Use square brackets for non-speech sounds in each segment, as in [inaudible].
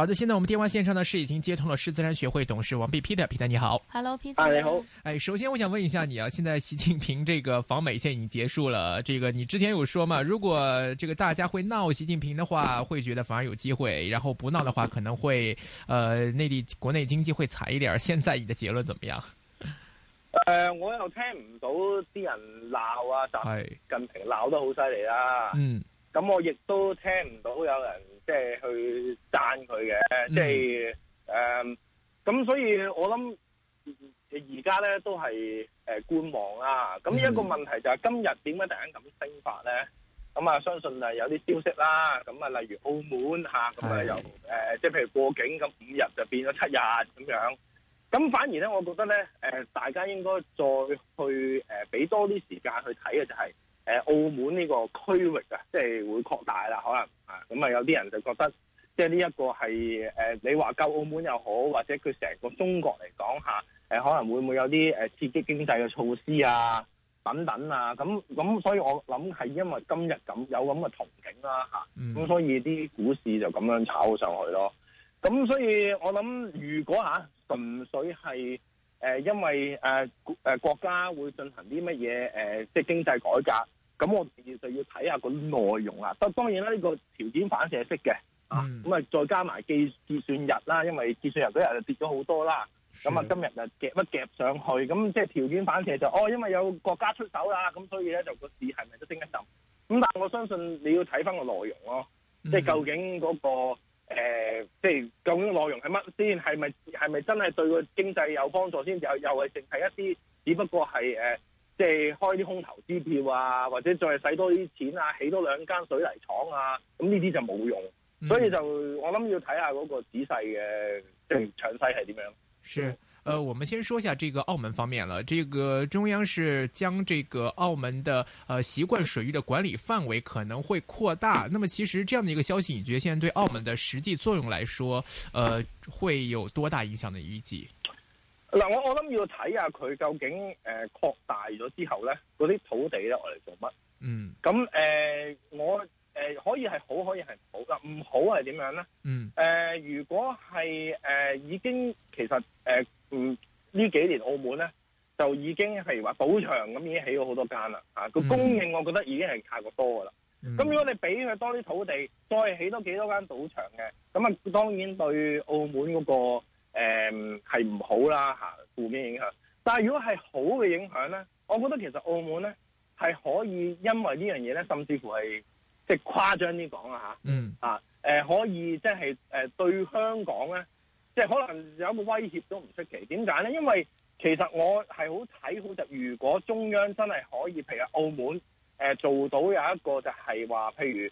好的，現在我們電話線上呢是已經接通了獅子山學會董事王弼 Peter，Peter, Peter, 你好，Hello，皮特，你好。哎，首先我想問一下你啊，現在習近平這個訪美現在已經結束了，這個你之前有說嘛？如果這個大家會鬧習近平的話，會覺得反而有機會；然後不鬧的話，可能會呃，內地國內經濟會慘一點。現在你的結論怎麼樣？呃，我又聽唔到啲人鬧啊，但係近平鬧得好犀利啦。嗯，咁我亦都聽唔到有人即係去。即係誒，咁、就是嗯、所以我諗，而家咧都係誒觀望啦。咁一個問題就係今日點解突然咁升法咧？咁啊，相信啊有啲消息啦。咁啊，例如澳門嚇，咁啊又誒，即係、呃、譬如過境咁五日就變咗七日咁樣。咁反而咧，我覺得咧誒、呃，大家應該再去誒，俾、呃、多啲時間去睇嘅就係、是、誒、呃、澳門呢個區域啊，即係會擴大啦，可能啊，咁啊有啲人就覺得。即係呢一個係誒，你話救澳門又好，或者佢成個中國嚟講吓，誒可能會唔會有啲誒刺激經濟嘅措施啊等等啊，咁咁所以我諗係因為今日咁有咁嘅憧憬啦吓，咁、嗯、所以啲股市就咁樣炒上去咯。咁所以我諗如果吓、啊、純粹係誒因為誒、啊、誒國家會進行啲乜嘢誒即係經濟改革，咁我就要睇下個內容啊。咁當然啦，呢、這個條件反射式嘅。咁、嗯、啊，再加埋結結算日啦，因為結算日嗰日就跌咗好多啦。咁啊，今日就夾一夾上去，咁即係條件反射就是、哦，因為有國家出手啦，咁所以咧就個市係咪都升一陣？咁但係我相信你要睇翻個內容咯、嗯，即係究竟嗰、那個、呃、即係究竟內容係乜先？係咪係咪真係對個經濟有幫助先？又又係淨係一啲，只不過係誒、呃，即係開啲空頭支票啊，或者再使多啲錢啊，起多兩間水泥廠啊，咁呢啲就冇用。所以就我諗要睇下嗰個仔細嘅即係詳細係點樣。是，誒、嗯呃，我們先說下這個澳門方面啦。這個中央是將這個澳門的誒習慣水域的管理範圍可能會擴大。那麼其實這樣的一個消息，你覺得現在對澳門的實際作用來說，誒、呃、會有多大影響、呃呃、呢？預計嗱，我我諗要睇下佢究竟誒擴大咗之後咧，嗰啲土地咧我嚟做乜？嗯。咁誒、呃，我。誒、呃，可以係好，可以係唔好。嗱，唔好係點樣咧？嗯。誒、呃，如果係誒、呃、已經其實誒呢、呃、幾年澳門咧就已經係話賭場咁已經起咗好多間啦。吓、啊，個、嗯、供應我覺得已經係太過多噶啦。咁、嗯、如果你俾佢多啲土地，再起多幾多間賭場嘅，咁啊當然對澳門嗰、那個誒係唔好啦吓，負、啊、面影響。但係如果係好嘅影響咧，我覺得其實澳門咧係可以因為這件事呢樣嘢，咧，甚至乎係。即係誇張啲講啦嚇，啊誒可以即係誒對香港咧，即係可能有冇威脅都唔出奇。點解咧？因為其實我係好睇好就，如果中央真係可以，譬如澳門誒啊做到有一個就係話，譬如誒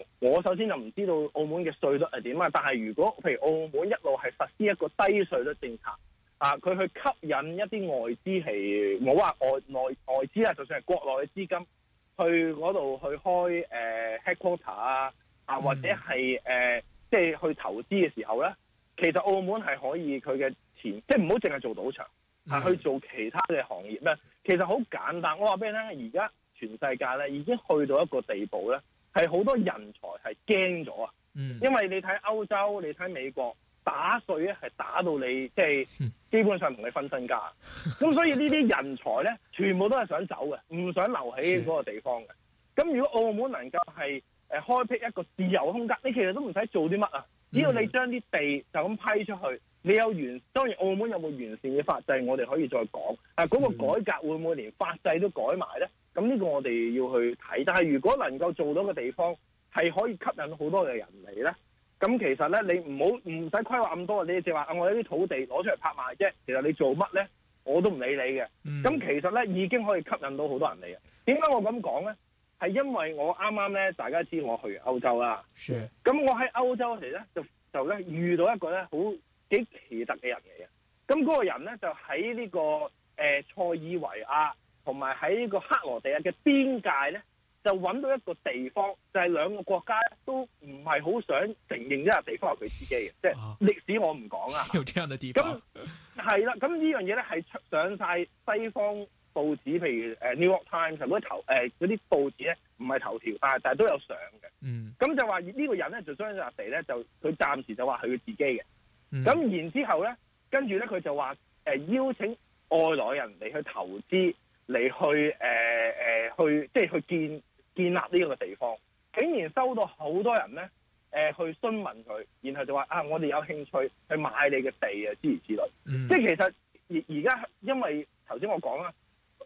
啊我首先就唔知道澳門嘅稅率係點啊，但係如果譬如澳門一路係實施一個低稅率政策啊，佢去吸引一啲外資係，我話外外外資啦，就算係國內嘅資金。去嗰度去開誒、呃、headquarter 啊，啊或者係誒、呃、即係去投資嘅時候咧，其實澳門係可以佢嘅前，即係唔好淨係做賭場，係、啊、去做其他嘅行業咧。其實好簡單，我話俾你聽，而家全世界咧已經去到一個地步咧，係好多人才係驚咗啊，因為你睇歐洲，你睇美國。打碎咧，係打到你，即係基本上同你分身家。咁 [laughs] 所以呢啲人才咧，全部都係想走嘅，唔想留喺嗰個地方嘅。咁 [laughs] 如果澳門能夠係誒開闢一個自由空間，你其實都唔使做啲乜啊，只要你將啲地就咁批出去，你有完。當然澳門有冇完善嘅法制，我哋可以再講。但係嗰個改革會唔會連法制都改埋咧？咁呢個我哋要去睇。但係如果能夠做到嘅地方，係可以吸引好多嘅人嚟咧。咁其實咧，你唔好唔使規劃咁多，你只話我有啲土地攞出嚟拍賣啫。其實你做乜咧，我都唔理你嘅。咁、嗯、其實咧，已經可以吸引到好多人嚟嘅。點解我咁講咧？係因為我啱啱咧，大家知我去歐洲啦。咁我喺歐洲時咧，就就咧遇到一個咧，好幾奇特嘅人嚟嘅。咁嗰個人咧，就喺呢、這個誒、呃、塞爾維亞同埋喺呢個克羅地亞嘅邊界咧，就揾到一個地方，就係、是、兩個國家都唔係好想承認呢個地方係佢自己嘅，即係、哦、歷史我唔講啊。咁係啦，咁呢樣嘢咧，係上晒西方報紙，譬如誒、uh, New York Times 嗰啲啲報紙咧，唔係頭條，但係但係都有上嘅。咁、嗯、就話呢個人咧，就將呢笪地咧，就佢暫時就話係佢自己嘅。咁、嗯、然之後咧，跟住咧佢就話誒、呃、邀請外來人嚟去投資，嚟去誒誒、呃呃、去，即係去建。建立呢個地方，竟然收到好多人咧、呃，去詢問佢，然後就話啊，我哋有興趣去買你嘅地啊，之類之類、嗯。即其實而而家因為頭先我講啦，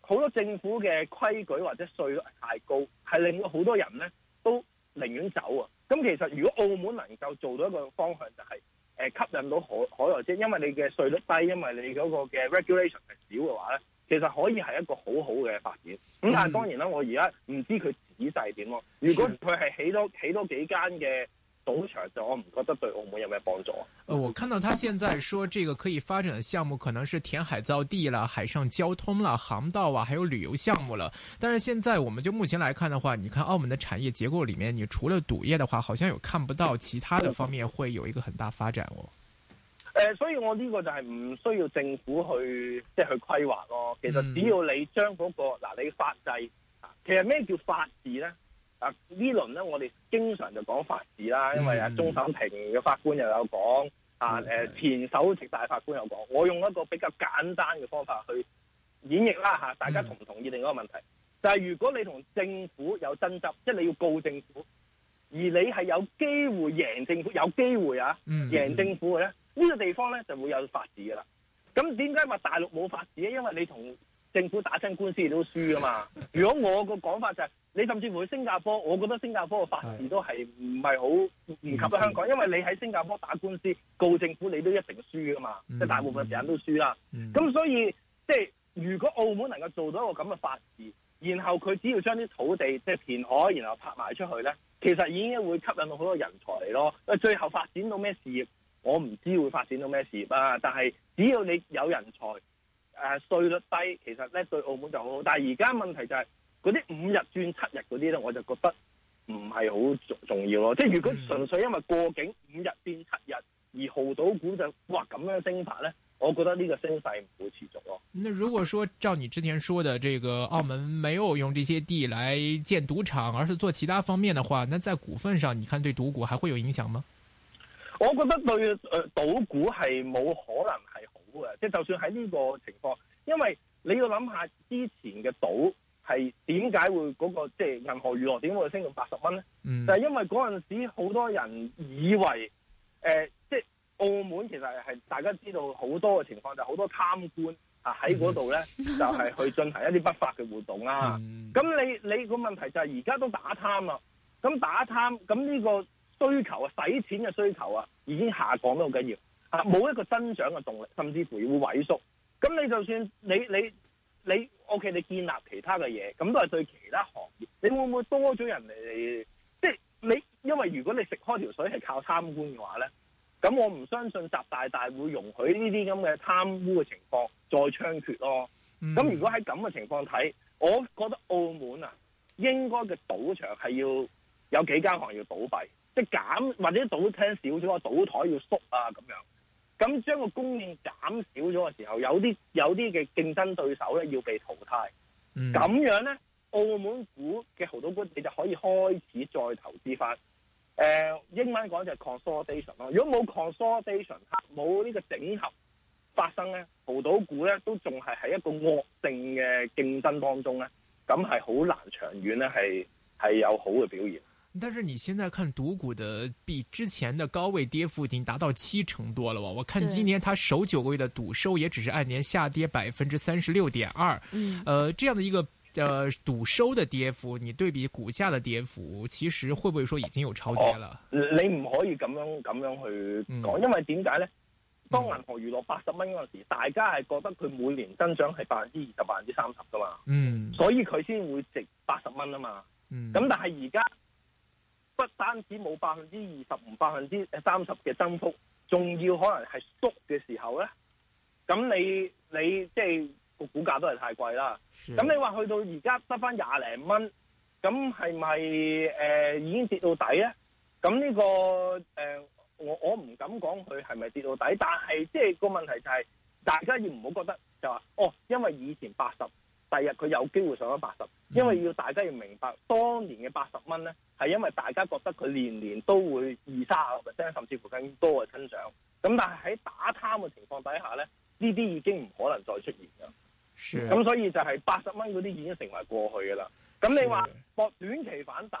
好多政府嘅規矩或者稅率太高，係令到好多人咧都寧願走啊。咁其實如果澳門能夠做到一個方向、就係，就、呃、係吸引到海外，即因為你嘅稅率低，因為你嗰個嘅 regulation 係少嘅話咧，其實可以係一個很好好嘅發展。咁、嗯、但係當然啦，我而家唔知佢。點，如果佢係起多起多幾間嘅賭場，就我唔覺得對澳門有咩幫助，呃。我看到他現在說，這個可以發展的項目可能是填海造地啦，海上交通啦、航道啊，還有旅遊項目了。但是現在我們就目前來看的話，你看澳門的產業結構裏面，你除了賭業的話，好像有看不到其他的方面會有一個很大發展哦。呃、所以我呢個就係唔需要政府去即係、就是、去規劃咯。其實只要你將嗰，那個嗱、呃，你法制。其實咩叫法治咧？啊一輪，呢輪咧，我哋經常就講法治啦，因為啊終審庭嘅法官又有講啊，誒、嗯、前首席大法官有講，我用一個比較簡單嘅方法去演繹啦吓，大家同唔同意一個問題？嗯、就係、是、如果你同政府有爭執，即、就、係、是、你要告政府，而你係有機會贏政府，有機會啊贏、嗯、政府嘅咧，呢、這個地方咧就會有法治嘅啦。咁點解話大陸冇法治咧？因為你同政府打親官司亦都輸噶嘛？如果我個講法就係、是，你甚至乎去新加坡，我覺得新加坡嘅法治都係唔係好唔及香港，因為你喺新加坡打官司告政府，你都一定輸噶嘛，即係大部分時間都輸啦。咁所以即係如果澳門能夠做到一個咁嘅法治，然後佢只要將啲土地即係填海，然後拍賣出去咧，其實已經會吸引到好多人才嚟咯。誒，最後發展到咩事業，我唔知會發展到咩事業啊，但係只要你有人才。誒、呃，稅率低其實咧對澳門就好，但係而家問題就係嗰啲五日轉七日嗰啲咧，我就覺得唔係好重重要咯。即係如果純粹因為過境五日變七日而豪賭股就哇咁樣升法咧，我覺得呢個升勢唔會持續咯。那如果說照你之前說的，這個澳門沒有用這些地來建賭場，而是做其他方面的話，那在股份上，你看對賭股還會有影響嗎？我覺得對誒、呃、賭股係冇可能。即係就算喺呢個情況，因為你要諗下之前嘅賭係點解會嗰、那個即係、就是、銀河娛樂點會升到八十蚊咧？就係、是、因為嗰陣時好多人以為誒，即、呃、係、就是、澳門其實係大家知道好多嘅情況，就好多貪官啊喺嗰度咧，就係、是、去進行一啲不法嘅活動啦、啊。咁、嗯、你你個問題就係而家都打貪啦，咁打貪，咁呢個需求啊，使錢嘅需求啊，已經下降得好緊要。啊！冇一個增長嘅動力，甚至乎會萎縮。咁你就算你你你，OK，你建立其他嘅嘢，咁都係對其他行業。你會唔會多咗人嚟？即係你，因為如果你食開條水係靠貪官嘅話咧，咁我唔相信習大大會容許呢啲咁嘅貪污嘅情況再猖獗咯。咁、嗯、如果喺咁嘅情況睇，我覺得澳門啊，應該嘅賭場係要有幾間行要倒閉，即係減或者賭廳少咗個賭台要縮啊咁樣。咁將個供應減少咗嘅時候，有啲有啲嘅競爭對手咧要被淘汰，咁、嗯、樣咧，澳門股嘅濠賭股你就可以開始再投資翻，呃，英文講就係 consolidation 咯。如果冇 consolidation，冇呢個整合發生咧，濠賭股咧都仲係喺一個惡性嘅競爭當中咧，咁係好難長遠咧，係係有好嘅表現。但是你現在看賭股的，比之前的高位跌幅已經達到七成多了，我看今年它首九個月的賭收也只是按年下跌百分之三十六點二，呃，這樣的一個呃賭收的跌幅，你對比股價的跌幅，其實會不會說已經有超跌了？哦、你唔可以咁樣咁樣去講，嗯、因為點解呢？當銀河娛樂八十蚊嗰陣時、嗯，大家係覺得佢每年增長係百分之二十、百分之三十㗎嘛？嗯，所以佢先會值八十蚊啊嘛？嗯，咁但係而家。不單止冇百分之二十唔百分之三十嘅增幅，仲要可能係縮嘅時候咧，咁你你即係個股價都係太貴啦。咁你話去到而家得翻廿零蚊，咁係咪誒已經跌到底咧？咁呢個誒、呃，我我唔敢講佢係咪跌到底，但係即係個問題就係、是，大家要唔好覺得就話哦，因為以前八十。第日佢有機會上咗八十，因為要大家要明白，當年嘅八十蚊咧，係因為大家覺得佢年年都會二三啊 percent 甚至乎更多嘅增長。咁但係喺打貪嘅情況底下咧，呢啲已經唔可能再出現噶。咁所以就係八十蚊嗰啲已經成為過去噶啦。咁你話博短期反彈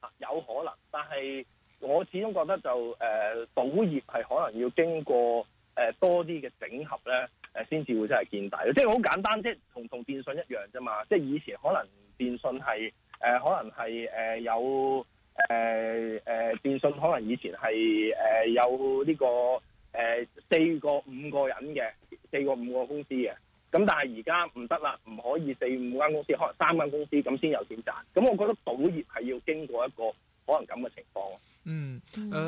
啊，有可能，但係我始終覺得就誒，賭、呃、業係可能要經過誒、呃、多啲嘅整合咧。先至會真係見底咯，即係好簡單，即係同同電信一樣啫嘛。即係以前可能電信係誒、呃，可能係誒有誒誒電信，可能以前係誒有呢個誒四、呃、個五個人嘅，四個五個公司嘅。咁但係而家唔得啦，唔可以四五間公司，可能三間公司咁先有點賺。咁我覺得賭業。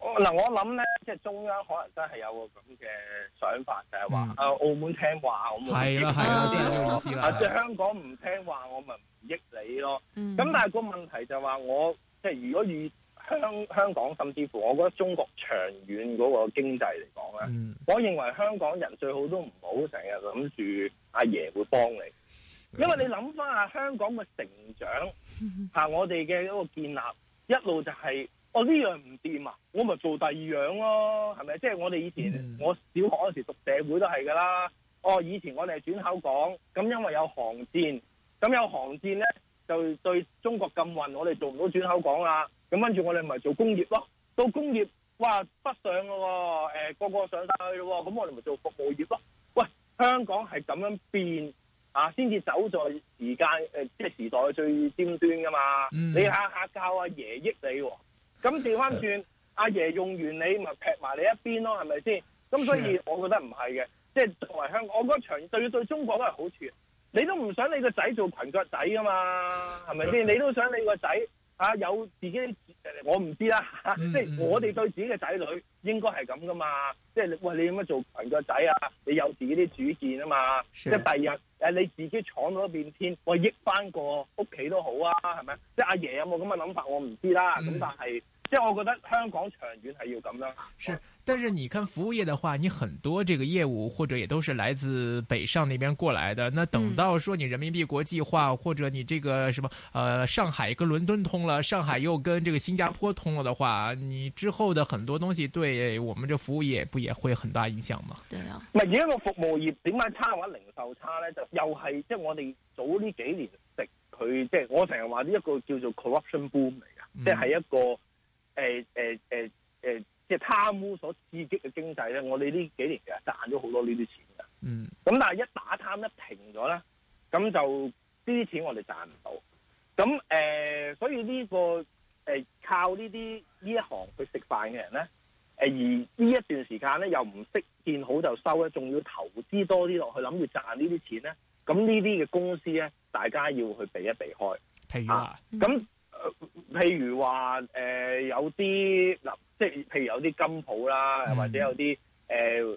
我嗱，我諗咧，即係中央可能真係有個咁嘅想法，就係、是、話、嗯啊、澳門聽話咁，係啦係啦，啲即係香港唔聽話，我咪唔益你咯。咁、嗯、但係個問題就係話，我即係如果以香香港，甚至乎，我覺得中國長遠嗰個經濟嚟講咧，我認為香港人最好都唔好成日諗住阿爺會幫你，因為你諗翻下香港嘅成長吓、嗯啊，我哋嘅個建立一路就係、是。哦呢樣唔掂啊，我咪做第二樣咯，係咪？即係我哋以前，Mm-hmm. 我小學嗰時候讀社會都係噶啦。哦，以前我哋係轉口港，咁因為有韓戰，咁有韓戰咧就對中國禁運，我哋做唔到轉口港啦。咁跟住我哋咪做工業咯。到工業哇北上喎，誒個個上晒去咯。咁我哋咪做服務業咯。喂，香港係咁樣變啊，先至走在時間誒，呃，即係時代最尖端噶嘛。Mm-hmm. 你下下教阿爺益你。咁調翻轉，阿爺用完你，咪劈埋你一邊咯，係咪先？咁所以我覺得唔係嘅，即係作埋香港，我覺得對中國都係好處。你都唔想你個仔做裙腳仔噶嘛？係咪先？你都想你個仔啊有自己。我唔知啦、啊，即、mm-hmm. 係 [laughs] 我哋對自己嘅仔女應該係咁噶嘛，即、就、係、是、喂你做乜做成個仔啊？你有自己啲主見啊嘛，sure. 即係第二日誒你自己闖咗一片天，我益翻個屋企都好啊，係咪？即、就、係、是、阿爺有冇咁嘅諗法？我唔知啦、啊，咁、mm-hmm. 但係。即係我覺得香港長遠係要咁啦。是，但是你看服務業的話，你很多這個業務或者也都是來自北上那邊過來的。那等到說你人民幣國際化，嗯、或者你這個什麼，呃，上海跟倫敦通了，上海又跟這個新加坡通了的話，你之後的很多東西對我們這服務業不也會很大影響嘛？對啊。唔係而家個服務業點解差嘅話，零售差咧，就又係即係我哋早呢幾年食佢，即係我成日話呢一個叫做 corruption boom 嚟、嗯、嘅，即係一個。誒誒誒誒，即係貪污所刺激嘅經濟咧，我哋呢幾年其實賺咗好多呢啲錢㗎。嗯。咁但係一打貪一停咗咧，咁就呢啲錢我哋賺唔到。咁誒、啊，所以呢、這個誒、啊、靠呢啲呢一行去食飯嘅人咧，誒、啊、而呢一段時間咧又唔識見好就收咧，仲要投資多啲落去諗住賺呢啲錢咧，咁呢啲嘅公司咧，大家要去避一避開。譬如啊，咁、嗯。譬如話誒、呃、有啲嗱，即係譬如有啲金鋪啦、嗯，或者有啲誒、呃，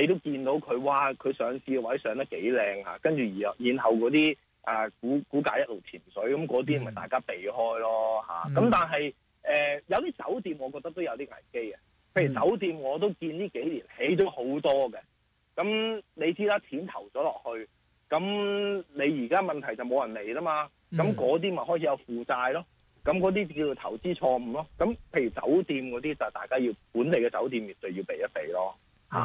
你都見到佢話佢上市個位上得幾靚嚇，跟住而然後嗰啲誒股股價一路潛水，咁嗰啲咪大家避開咯嚇。咁、嗯、但係誒、呃、有啲酒店，我覺得都有啲危機嘅。譬如酒店，我都見呢幾年起咗好多嘅。咁你知啦，錢投咗落去，咁你而家問題就冇人嚟啦嘛，咁嗰啲咪開始有負債咯。咁嗰啲叫做投資錯誤咯。咁譬如酒店嗰啲就大家要本地嘅酒店，就要避一避咯。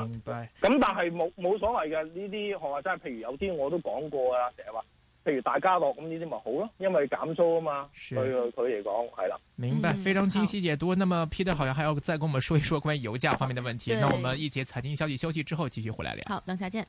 明白。咁、啊、但係冇冇所謂嘅呢啲，我話真係，譬如有啲我都講過啊，成日話，譬如大家樂咁呢啲咪好咯，因為減租啊嘛，對佢嚟講係啦。明白，非常清晰解讀。那麼 Peter 好像還要再跟我們說一說關於油價方面嘅問題。對。那我們一節財經消息休息之後繼續回來聊。好，等下見。